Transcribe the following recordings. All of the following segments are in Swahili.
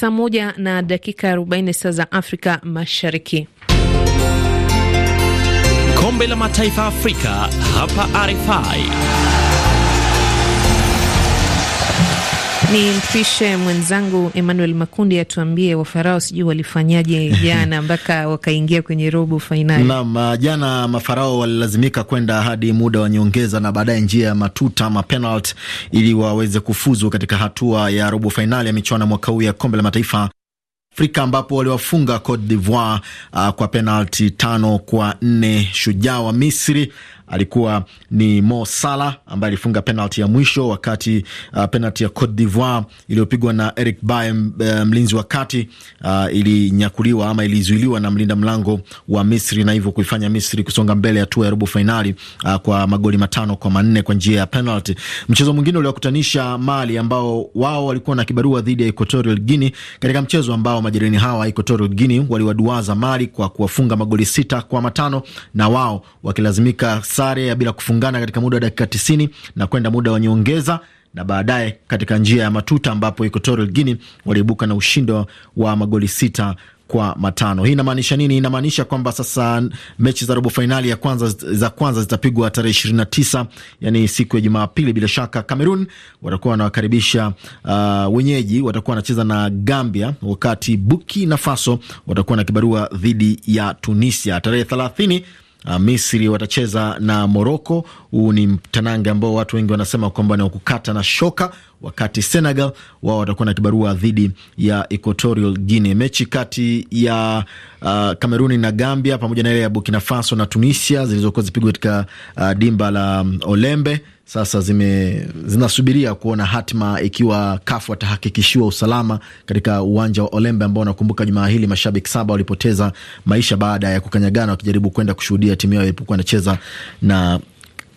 saa moja na dakika 40 saa za Afrika Mashariki. Kombe la Mataifa Afrika hapa RFI. Ni mpishe mwenzangu Emmanuel Makundi atuambie wafarao sijui walifanyaje jana mpaka wakaingia kwenye robo fainali. Naam, uh, jana mafarao walilazimika kwenda hadi muda wa nyongeza na baadaye njia ya matuta ama penalt ili waweze kufuzu katika hatua ya robo fainali ya michuano mwaka huu ya kombe la mataifa Afrika ambapo waliwafunga Cote d'Ivoire uh, kwa penalti tano kwa nne. Shujaa wa Misri alikuwa ni Mo Salah ambaye alifunga penalti ya mwisho, wakati uh, penalti ya Cote d'Ivoire iliyopigwa na Eric Bae, uh, mlinzi wa kati uh, ilinyakuliwa ama ilizuiliwa na mlinda mlango wa Misri na hivyo kuifanya Misri kusonga mbele hatua ya robo fainali uh, kwa magoli matano kwa manne kwa njia ya penalti. Mchezo mwingine uliokutanisha Mali ambao wao walikuwa na kibarua dhidi ya Equatorial Guinea katika mchezo ambao majirani hawa Equatorial Guinea waliwaduaza Mali kwa kuwafunga magoli sita kwa matano na wao wakilazimika sare ya bila kufungana katika muda wa dakika 90 na kwenda muda wa nyongeza na baadaye katika njia ya matuta ambapo Equatorial Guinea waliibuka na ushindi wa magoli sita kwa matano. Hii inamaanisha nini? Inamaanisha kwamba sasa mechi za robo fainali ya kwanza za kwanza zitapigwa tarehe ishirini na tisa yani siku ya Jumapili. Bila shaka Cameroon watakuwa wanawakaribisha uh, wenyeji watakuwa wanacheza na Gambia, wakati Burkina Faso watakuwa na kibarua dhidi ya Tunisia tarehe thelathini Uh, Misri watacheza na Moroko. Huu ni mtanange ambao watu wengi wanasema kwamba ni wakukata na shoka, wakati Senegal wao watakuwa na kibarua dhidi ya Equatorial Guinea. Mechi kati ya uh, Kameruni na Gambia pamoja na ile ya Burkina Faso na Tunisia zilizokuwa zipigwa katika uh, dimba la um, Olembe sasa zime, zinasubiria kuona hatima ikiwa kaf atahakikishiwa usalama katika uwanja wa Olembe ambao unakumbuka, jumaa hili mashabiki saba walipoteza maisha baada ya kukanyagana wakijaribu kwenda kushuhudia timu yao ilipokuwa inacheza na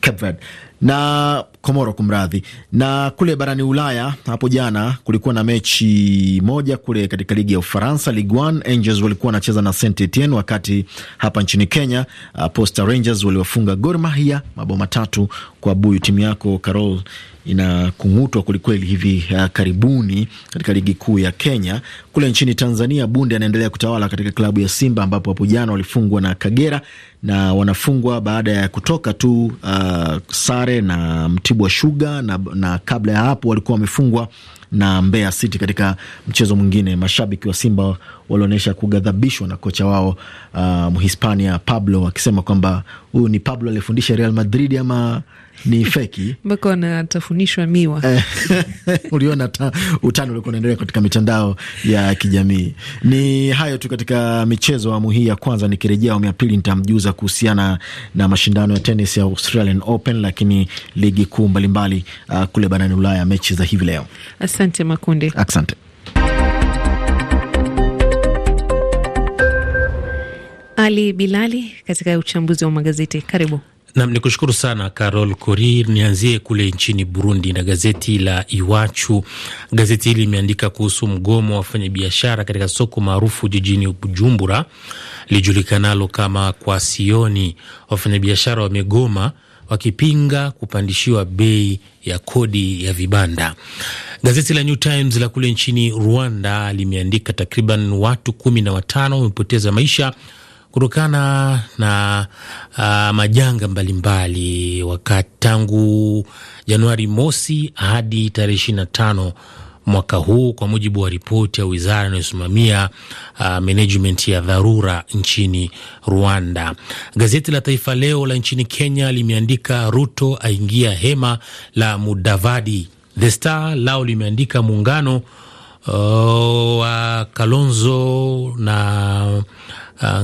Cape Verde na Komoro kumradhi. Na kule barani Ulaya hapo jana kulikuwa na mechi moja kule katika ligi ya Ufaransa, Ligue 1 Angels walikuwa wanacheza na Saint Etienne, wakati hapa nchini Kenya uh, Posta Rangers waliwafunga Gor Mahia mabao matatu kwa buyu. Timu yako Carol inakung'utwa kwelikweli hivi uh, karibuni katika ligi kuu ya Kenya. Kule nchini Tanzania, Bunde anaendelea kutawala katika klabu ya Simba ambapo hapo jana walifungwa na Kagera na wanafungwa baada ya kutoka tu uh, sare na Mtibwa shuga na, na kabla ya hapo walikuwa wamefungwa na Mbeya City katika mchezo mwingine. Mashabiki wa Simba walionyesha kughadhabishwa na kocha wao uh, Mhispania Pablo akisema kwamba huyu ni Pablo aliyefundisha Real Madrid ama ni feki mpaka wanatafunishwa miwa. Uliona utani ulikuwa unaendelea katika mitandao ya kijamii. Ni hayo tu katika michezo awamu hii ya kwanza. Nikirejea awamu ya pili, nitamjuza kuhusiana na mashindano ya tenis ya Australian Open, lakini ligi kuu mbalimbali uh, kule barani Ulaya, mechi za hivi leo. Asante Makunde, asante. Ali Bilali katika uchambuzi wa magazeti, karibu. Nam ni kushukuru sana Carol Korir. Nianzie kule nchini Burundi na gazeti la Iwachu. Gazeti hili limeandika kuhusu mgomo wa wafanyabiashara katika soko maarufu jijini Bujumbura lijulikanalo kama Kwasioni. Wafanyabiashara wamegoma wakipinga kupandishiwa bei ya kodi ya vibanda. Gazeti la New Times la kule nchini Rwanda limeandika takriban watu kumi na watano wamepoteza maisha kutokana na uh, majanga mbalimbali wakati tangu Januari mosi hadi tarehe ishirini na tano mwaka huu kwa mujibu wa ripoti ya wizara inayosimamia uh, management ya dharura nchini Rwanda. Gazeti la Taifa Leo la nchini Kenya limeandika Ruto aingia hema la Mudavadi. The Star lao limeandika muungano oh, wa uh, Kalonzo na Ah,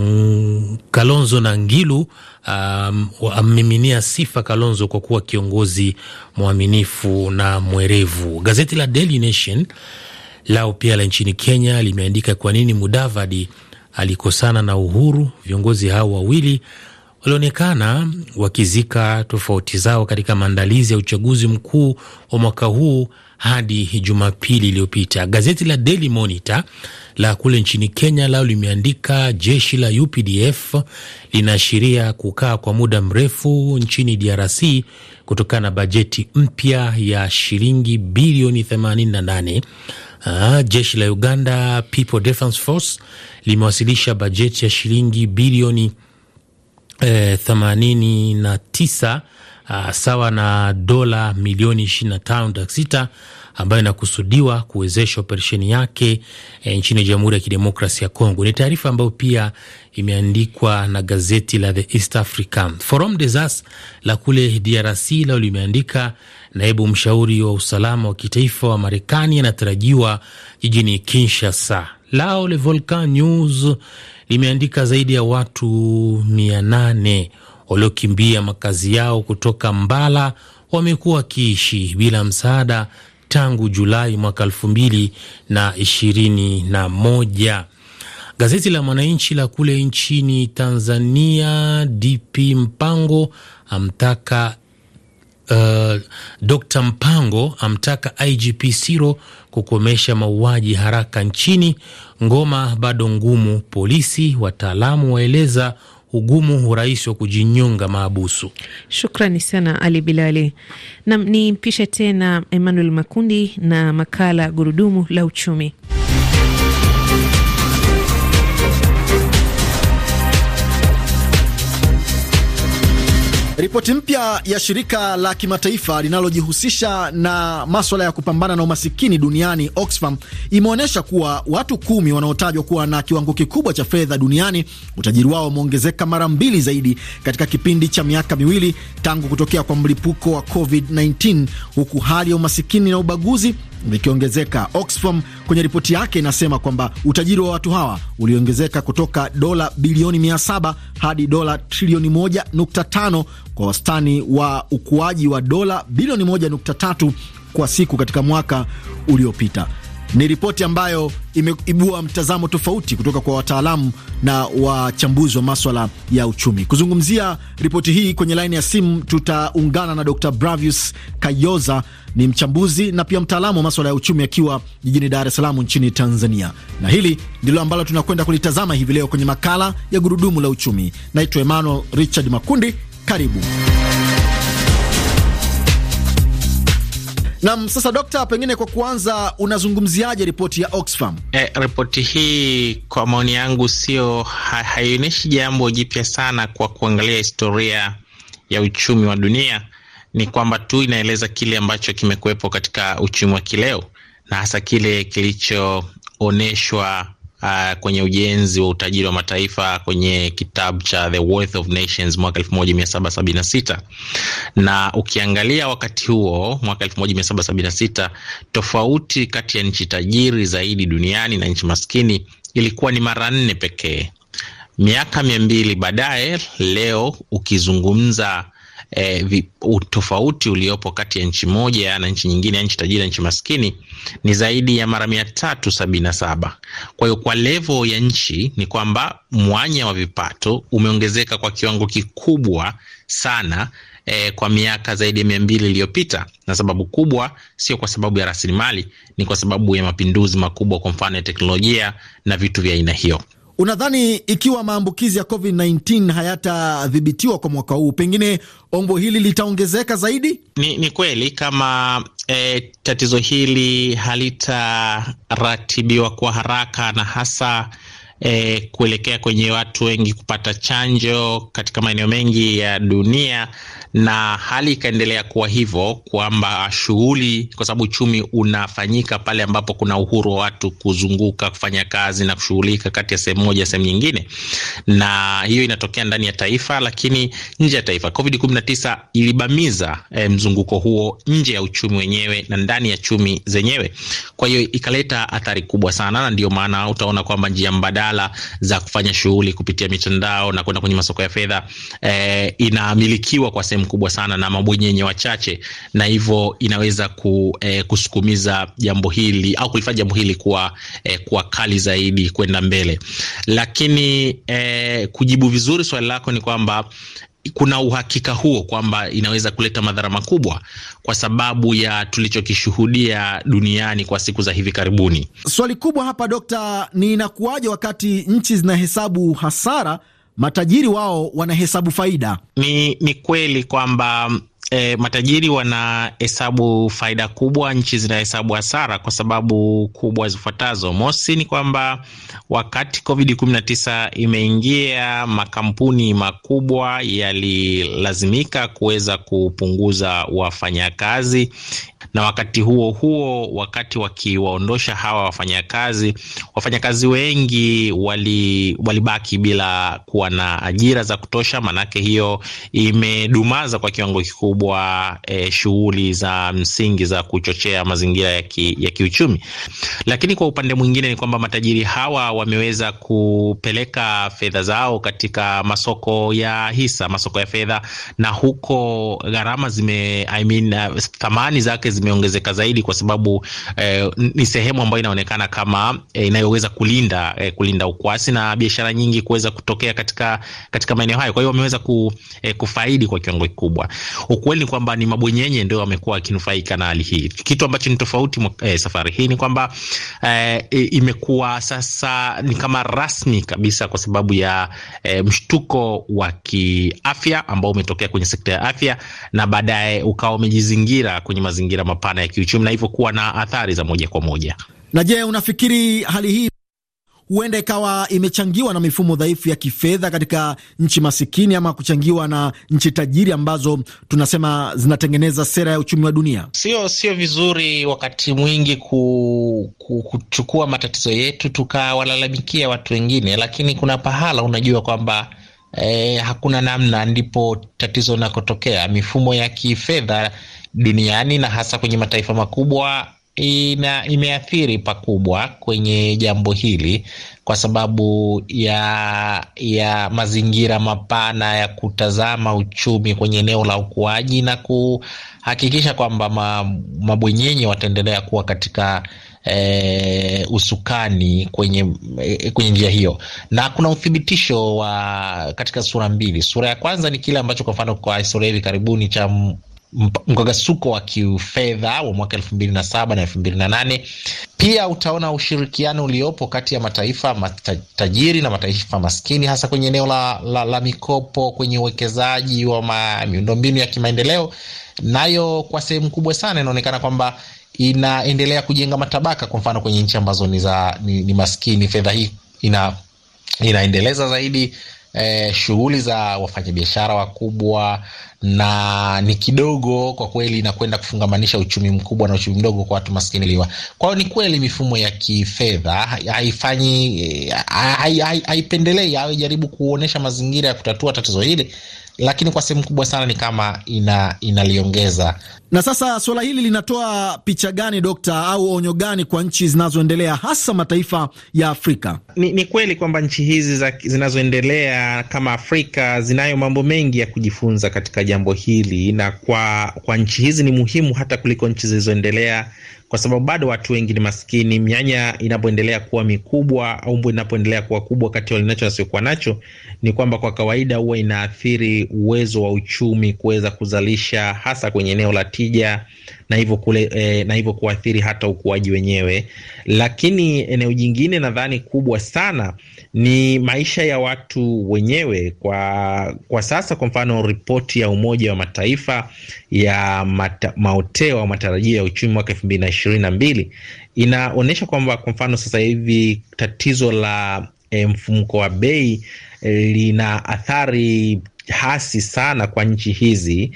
Kalonzo na Ngilu um, sifa Kalonzo kwa kuwa kiongozi mwaminifu na mwerevu. Gazeti la Daily Nation lao pia la nchini Kenya limeandika kwa nini Mudavadi alikosana na Uhuru. Viongozi hao wawili walionekana wakizika tofauti zao katika maandalizi ya uchaguzi mkuu wa mwaka huu hadi Jumapili iliyopita. Gazeti la Daily Monitor la kule nchini Kenya lao limeandika jeshi la UPDF linaashiria kukaa kwa muda mrefu nchini DRC kutokana na bajeti mpya ya shilingi bilioni 88. Uh, ah, jeshi la Uganda People Defence Force limewasilisha bajeti ya shilingi bilioni eh, 89 uh, sawa na dola milioni 25.6 ambayo inakusudiwa kuwezesha operesheni yake e, nchini Jamhuri ya Kidemokrasia ya Kongo. Ni taarifa ambayo pia imeandikwa na gazeti la The East African. Forum des As la kule DRC lao limeandika naibu mshauri wa usalama wa kitaifa wa Marekani anatarajiwa jijini Kinshasa. Lao Le Volcan News limeandika zaidi ya watu mia nane waliokimbia makazi yao kutoka Mbala wamekuwa wakiishi bila msaada tangu Julai mwaka elfu mbili na ishirini na moja. Gazeti la Mwananchi la kule nchini Tanzania, DP Mpango amtaka Uh, Dr. Mpango amtaka IGP Siro kukomesha mauaji haraka nchini. Ngoma bado ngumu, polisi wataalamu waeleza ugumu urahisi wa kujinyonga maabusu. Shukrani sana Ali Bilali. Nam ni mpishe tena Emmanuel Makundi na makala Gurudumu la Uchumi. Ripoti mpya ya shirika la kimataifa linalojihusisha na maswala ya kupambana na umasikini duniani Oxfam imeonyesha kuwa watu kumi wanaotajwa kuwa na kiwango kikubwa cha fedha duniani, utajiri wao umeongezeka mara mbili zaidi katika kipindi cha miaka miwili tangu kutokea kwa mlipuko wa COVID-19, huku hali ya umasikini na ubaguzi vikiongezeka. Oxfam kwenye ripoti yake inasema kwamba utajiri wa watu hawa uliongezeka kutoka dola bilioni 700 hadi dola trilioni 1.5 kwa wastani wa ukuaji wa dola bilioni 1.3 kwa siku katika mwaka uliopita. Ni ripoti ambayo imeibua mtazamo tofauti kutoka kwa wataalamu na wachambuzi wa maswala ya uchumi. Kuzungumzia ripoti hii kwenye laini ya simu tutaungana na Dr. Bravius Kayoza, ni mchambuzi na pia mtaalamu wa maswala ya uchumi akiwa jijini Dar es Salaam nchini Tanzania, na hili ndilo ambalo tunakwenda kulitazama hivi leo kwenye makala ya Gurudumu la Uchumi. Naitwa Emmanuel Richard Makundi. Karibu. Nam, sasa dokta, pengine kwa kuanza, unazungumziaje ripoti ya Oxfam? E, ripoti hii kwa maoni yangu sio ha, haionyeshi jambo jipya sana. Kwa kuangalia historia ya uchumi wa dunia, ni kwamba tu inaeleza kile ambacho kimekuwepo katika uchumi wa kileo na hasa kile kilichoonyeshwa uh, kwenye ujenzi wa utajiri wa mataifa kwenye kitabu cha The Wealth of Nations mwaka 1776 na ukiangalia wakati huo mwaka 1776 tofauti kati ya nchi tajiri zaidi duniani na nchi maskini ilikuwa ni mara nne pekee. Miaka mia mbili baadaye, leo ukizungumza eh, utofauti uliopo kati ya nchi moja na nchi nyingine, nchi tajiri na nchi maskini ni zaidi ya mara mia tatu sabini na saba. Kwa hiyo kwa levo ya nchi ni kwamba mwanya wa vipato umeongezeka kwa kiwango kikubwa sana eh, kwa miaka zaidi ya mia mbili iliyopita, na sababu kubwa sio kwa sababu ya rasilimali, ni kwa sababu ya mapinduzi makubwa, kwa mfano ya teknolojia na vitu vya aina hiyo. Unadhani ikiwa maambukizi ya COVID-19 hayatadhibitiwa kwa mwaka huu, pengine ombo hili litaongezeka zaidi? Ni, ni kweli kama e, tatizo hili halitaratibiwa kwa haraka na hasa e, kuelekea kwenye watu wengi kupata chanjo katika maeneo mengi ya dunia, na hali ikaendelea kuwa hivyo kwamba shughuli, kwa sababu uchumi unafanyika pale ambapo kuna uhuru wa watu kuzunguka, kufanya kazi na kushughulika kati ya sehemu moja sehemu nyingine, na hiyo inatokea ndani ya taifa, lakini nje ya taifa Covid 19 ilibamiza e, mzunguko huo nje ya uchumi wenyewe na ndani ya chumi zenyewe, kwa hiyo ikaleta athari kubwa sana, na ndio maana utaona kwamba njia mbadala nakala za kufanya shughuli kupitia mitandao na kwenda kwenye masoko ya fedha eh, inamilikiwa kwa sehemu kubwa sana na mabwenyenye wachache, na hivyo inaweza ku, eh, kusukumiza jambo hili au kulifanya jambo hili kuwa, eh, kuwa kali zaidi kwenda mbele. Lakini eh, kujibu vizuri swali lako ni kwamba kuna uhakika huo kwamba inaweza kuleta madhara makubwa kwa sababu ya tulichokishuhudia duniani kwa siku za hivi karibuni. Swali kubwa hapa Dokta, ni inakuwaje wakati nchi zinahesabu hasara, matajiri wao wanahesabu faida? Ni, ni kweli kwamba e, matajiri wanahesabu faida kubwa, nchi zinahesabu hasara kwa sababu kubwa zifuatazo. Mosi ni kwamba wakati Covid 19 imeingia, makampuni makubwa yalilazimika kuweza kupunguza wafanyakazi na wakati huo huo, wakati wakiwaondosha hawa wafanyakazi, wafanyakazi wengi wali walibaki bila kuwa na ajira za kutosha, manake hiyo imedumaza kwa kiwango kikubwa eh, shughuli za msingi za kuchochea mazingira ya, ki, ya kiuchumi. Lakini kwa upande mwingine ni kwamba matajiri hawa wameweza kupeleka fedha zao katika masoko ya hisa, masoko ya fedha, na huko gharama zime I mean, uh, thamani zake zake zimeongezeka zaidi, kwa sababu eh, ni sehemu ambayo inaonekana kama eh, inayoweza kulinda eh, kulinda ukwasi na biashara nyingi kuweza kutokea katika katika maeneo hayo. Kwa hiyo wameweza ku, eh, kufaidi kwa kiwango kikubwa. Ukweli ni kwamba ni mabwenyenye ndio wamekuwa wakinufaika na hali hii. Kitu ambacho ni tofauti eh, safari hii ni kwamba eh, imekuwa sasa ni kama rasmi kabisa kwa sababu ya eh, mshtuko wa kiafya ambao umetokea kwenye sekta ya afya na baadaye ukawa umejizingira kwenye mazingira mazingira mapana ya kiuchumi na hivyo kuwa na athari za moja kwa moja. Na je, unafikiri hali hii huenda ikawa imechangiwa na mifumo dhaifu ya kifedha katika nchi masikini ama kuchangiwa na nchi tajiri ambazo tunasema zinatengeneza sera ya uchumi wa dunia. Sio, sio vizuri wakati mwingi ku, ku, kuchukua matatizo yetu tukawalalamikia watu wengine, lakini kuna pahala unajua kwamba eh, hakuna namna, ndipo tatizo linakotokea. Mifumo ya kifedha duniani na hasa kwenye mataifa makubwa ina, imeathiri pakubwa kwenye jambo hili kwa sababu ya, ya mazingira mapana ya kutazama uchumi kwenye eneo la ukuaji na kuhakikisha kwamba mabwenyenye wataendelea kuwa katika E, usukani kwenye e, kwenye njia hiyo, na kuna uthibitisho wa katika sura mbili. Sura ya kwanza ni kile ambacho kwa mfano kwa historia hivi karibuni cha mkagasuko wa kiufedha wa mwaka elfu mbili na saba na elfu mbili na nane Pia utaona ushirikiano uliopo kati ya mataifa matajiri na mataifa maskini, hasa kwenye eneo la, la, la mikopo kwenye uwekezaji wa miundombinu ya kimaendeleo, nayo kwa sehemu kubwa sana inaonekana kwamba inaendelea kujenga matabaka. Kwa mfano kwenye nchi ambazo ni, za, ni, ni maskini, fedha hii ina, inaendeleza zaidi eh, shughuli za wafanyabiashara wakubwa na ni kidogo kwa kweli, inakwenda kufungamanisha uchumi mkubwa na uchumi mdogo kwa watu maskini liwa. Kwa hiyo ni kweli mifumo ya kifedha haifanyi eh, haipendelei, haijaribu kuonyesha mazingira ya kutatua tatizo hili, lakini kwa sehemu kubwa sana ni kama ina, inaliongeza na sasa suala hili linatoa picha gani dokta, au onyo gani kwa nchi zinazoendelea, hasa mataifa ya Afrika? Ni, ni kweli kwamba nchi hizi zinazoendelea kama Afrika zinayo mambo mengi ya kujifunza katika jambo hili, na kwa, kwa nchi hizi ni muhimu hata kuliko nchi zilizoendelea kwa sababu bado watu wengi ni maskini. Mianya inapoendelea kuwa mikubwa au mbu inapoendelea kuwa kubwa kati ya walinacho wasiokuwa nacho, ni kwamba kwa kawaida huwa inaathiri uwezo wa uchumi kuweza kuzalisha hasa kwenye eneo la tija na hivyo kule e, na hivyo kuathiri hata ukuaji wenyewe. Lakini eneo jingine nadhani kubwa sana ni maisha ya watu wenyewe kwa, kwa sasa. Kwa mfano ripoti ya Umoja wa Mataifa ya mata, maoteo au matarajio ya uchumi mwaka elfu mbili na ishirini na mbili inaonyesha kwamba kwa mfano sasa hivi tatizo la e, mfumko wa bei e, lina athari hasi sana kwa nchi hizi.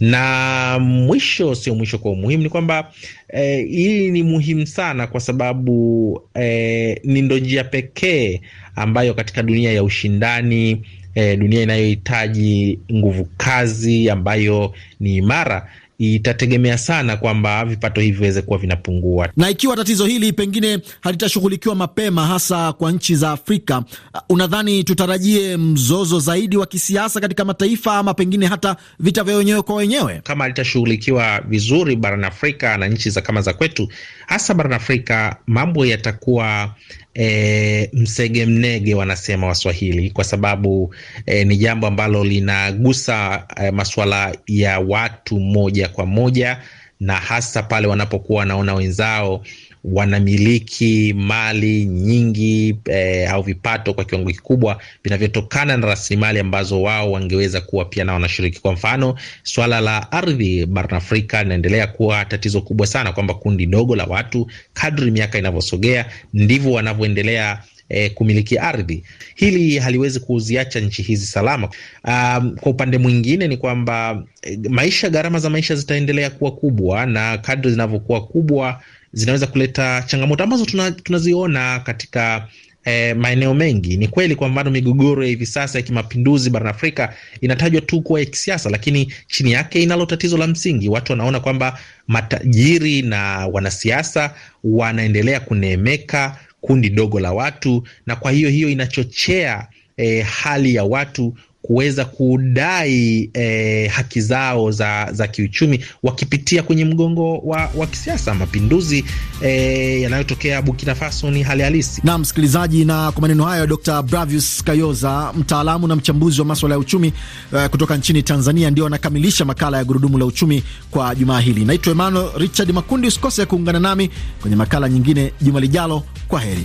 Na mwisho, sio mwisho kwa umuhimu, ni kwamba eh, hili ni muhimu sana kwa sababu eh, ni ndo njia pekee ambayo katika dunia ya ushindani eh, dunia inayohitaji nguvu kazi ambayo ni imara itategemea sana kwamba vipato hivi viweze kuwa vinapungua, na ikiwa tatizo hili pengine halitashughulikiwa mapema, hasa kwa nchi za Afrika, unadhani tutarajie mzozo zaidi wa kisiasa katika mataifa ama pengine hata vita vya wenyewe kwa wenyewe kama halitashughulikiwa vizuri barani Afrika na nchi za kama za kwetu, hasa barani Afrika, mambo yatakuwa E, msege mnege wanasema Waswahili, kwa sababu e, ni jambo ambalo linagusa e, eh, masuala ya watu moja kwa moja, na hasa pale wanapokuwa wanaona wenzao wanamiliki mali nyingi eh, au vipato kwa kiwango kikubwa vinavyotokana na rasilimali ambazo wao wangeweza kuwa pia na wanashiriki. Kwa mfano, swala la ardhi barani Afrika linaendelea kuwa tatizo kubwa sana, kwamba kundi dogo la watu kadri miaka inavyosogea ndivyo wanavyoendelea eh, kumiliki ardhi. Hili haliwezi kuziacha nchi hizi salama. Um, kwa upande mwingine ni kwamba eh, maisha, gharama za maisha zitaendelea kuwa kubwa, na kadri zinavyokuwa kubwa zinaweza kuleta changamoto ambazo tunaziona tuna katika E, maeneo mengi. Ni kweli kwa mfano migogoro ya hivi sasa ya kimapinduzi barani Afrika inatajwa tu kuwa ya kisiasa, lakini chini yake inalo tatizo la msingi. Watu wanaona kwamba matajiri na wanasiasa wanaendelea kuneemeka kundi dogo la watu, na kwa hiyo hiyo inachochea eh, hali ya watu kuweza kudai e, haki zao za, za kiuchumi wakipitia kwenye mgongo wa, wa kisiasa. Mapinduzi e, yanayotokea Burkina Faso ni hali halisi. Naam msikilizaji, na kwa maneno hayo Dr. Bravius Kayoza, mtaalamu na mchambuzi wa maswala ya uchumi uh, kutoka nchini Tanzania, ndio anakamilisha makala ya gurudumu la uchumi kwa jumaa hili. Naitwa Emmanuel Richard Makundi, usikose kuungana nami kwenye makala nyingine juma lijalo. Kwa heri.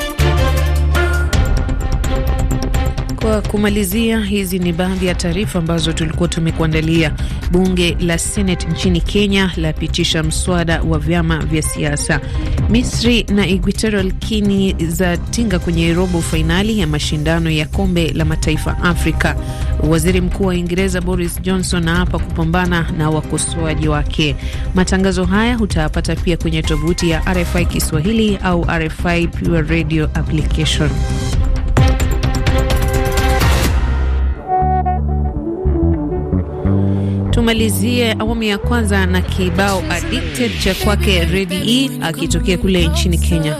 Kwa kumalizia, hizi ni baadhi ya taarifa ambazo tulikuwa tumekuandalia. Bunge la senate nchini Kenya lapitisha mswada wa vyama vya siasa. Misri na Equatorial Guinea zatinga kwenye robo fainali ya mashindano ya kombe la mataifa Afrika. Waziri Mkuu wa Uingereza Boris Johnson aapa kupambana na wakosoaji wake. Matangazo haya utayapata pia kwenye tovuti ya RFI Kiswahili au RFI Pure Radio application. tumalizie awamu ya kwanza na kibao addicted cha kwake Redi E akitokea kule nchini Kenya.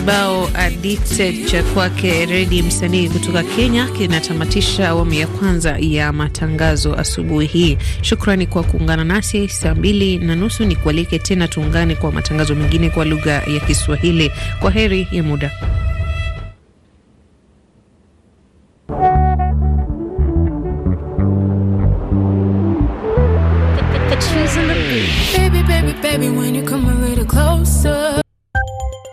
Kibao addicted cha kwake Redi, msanii kutoka Kenya, kinatamatisha awamu ya kwanza ya matangazo asubuhi hii. Shukrani kwa kuungana nasi. Saa mbili na nusu ni kualike tena, tuungane kwa matangazo mengine kwa lugha ya Kiswahili. Kwa heri ya muda.